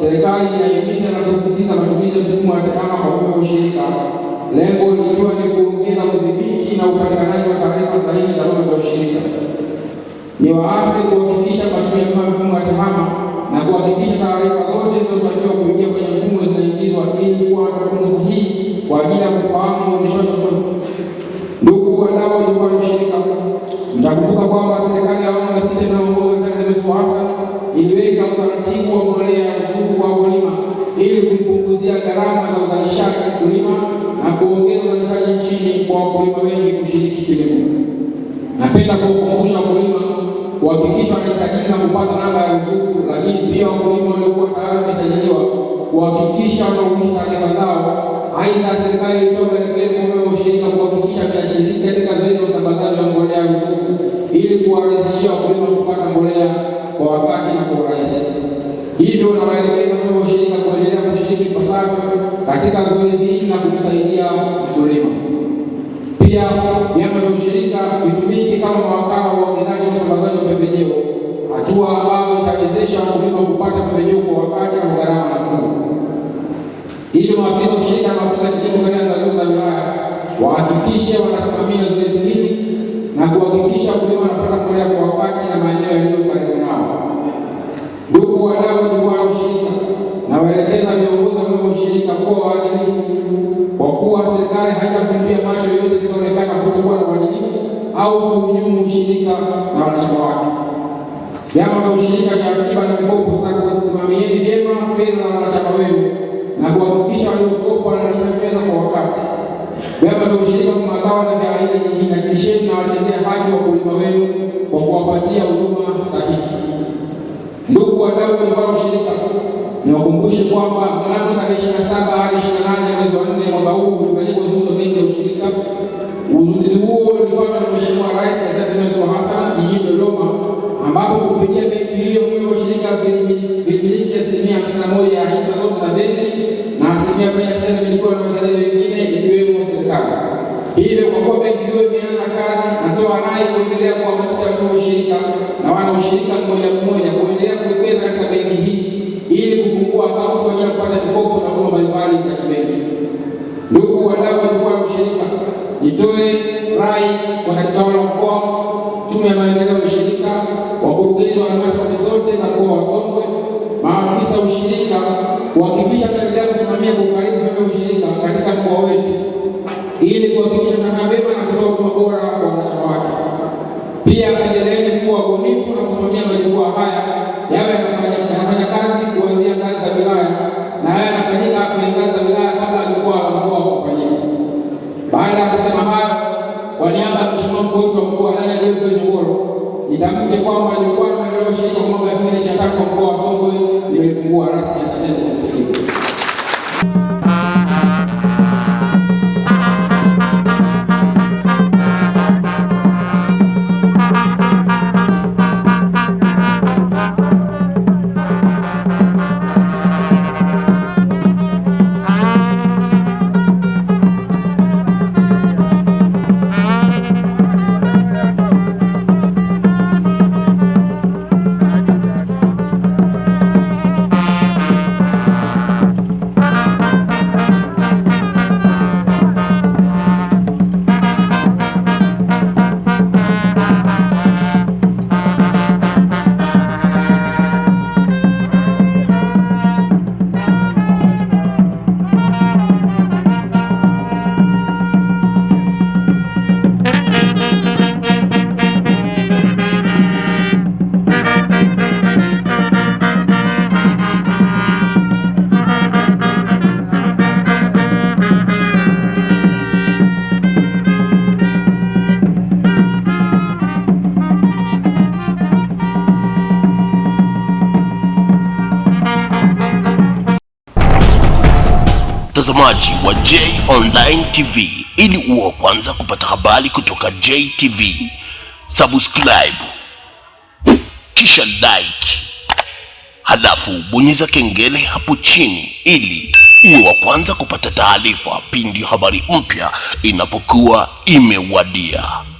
serikali inahimiza na kusisitiza matumizi ya mfumo wa TEHAMA kwa vyombo vya ushirika, lengo likiwa ni kuongeza udhibiti na upatikanaji wa taarifa sahihi za vyombo vya ushirika. Ni waasi kuhakikisha matumizi ya mfumo wa TEHAMA na kuhakikisha taarifa zote zinazotakiwa kuingia kwenye mfumo ili kwa wakulima wengi kushiriki kilimo. Napenda kuwakumbusha wakulima kuhakikisha wanajisajili na kupata namba ya ruzuku, lakini pia wakulima waliokuwa tayari wamesajiliwa kuhakikisha wanauhishi taarifa zao. Aidha, serikali ilitoa maelekezo kwa washirika kuhakikisha kinashiriki katika zoezi la usambazaji wa mbolea ya ruzuku ili kuwarahisishia wakulima kupata mbolea kwa wakati na kwa urahisi. Hivyo na maelekezo kwa washirika kuendelea kushiriki pasavyo katika zoezi ambavyo itawezesha mkulima kupata pembejeo kwa wakati na kwa gharama nafuu. Ili maafisa ushirika na maafisa kilimo katika ngazi za wilaya wahakikishe wanasimamia zoezi hili na kuhakikisha mkulima anapata mbolea kwa wakati na maeneo yaliyo karibu nao. Ndugu wadau wa ushirika, nawaelekeza viongozi wa ushirika kuwa waadilifu kwa kuwa serikali haitafumbia macho yote itakayoonekana kutokuwa na uadilifu au kuhujumu ushirika na wanachama wake. Vyama vya ushirika vya akiba na mikopo SACCOS, simamieni vyema fedha za wanachama wenu na kuhakikisha waliokopwa wanalipa fedha kwa wakati. Vyama vya ushirika kwa mazao na vya aina nyingine, hakikisheni na watendea haki wakulima wenu kwa kuwapatia huduma stahiki. Ndugu wadau wa ushirika, niwakumbushe kwamba mnamo tarehe 27 hadi 28 mwezi wa 4 mwaka huu ulifanyika uzinduzi wa benki ya ushirika. Uzinduzi huo ulifanywa kuwa benki hiyo imeanza kazi, natoa rai kuendelea kuhamasisha chagua ushirika na wana ushirika mmoja mmoja kuendelea kuwekeza katika benki hii ili kufungua akaunti kwa ajili ya kupata mikopo na huduma mbalimbali za kibenki. Ndugu wadau wa ushirika, nitoe rai kwa halmashauri ya mkoa, tume ya maendeleo ya ushirika, wakurugenzi wa halmashauri zote za mkoa wa Songwe, maafisa ushirika kuhakikisha tunaendelea kusimamia kwa ukaribu ushirika katika mkoa wetu ili kuhakikisha huduma bora kwa wanachama wake. Pia endeleeni kuwa bunifu na kusimamia majukwaa haya yawe yanafanya kazi kuanzia ngazi za wilaya, na haya yanafanyika kwenye ngazi za wilaya kabla ya jukwaa la mkoa kufanyika. Baada ya kusema hayo, kwa niaba ya Mheshimiwa mkuu wa mkoa nitamke kwamba jukwaa la maendeleo shirika mwaka 2025 kwa mkoa wa Songwe rasmi. mtazamaji wa J Online TV, ili uwe kwanza kupata habari kutoka JTV, subscribe kisha like, halafu bonyeza kengele hapo chini ili uwe wa kwanza kupata taarifa pindi habari mpya inapokuwa imewadia.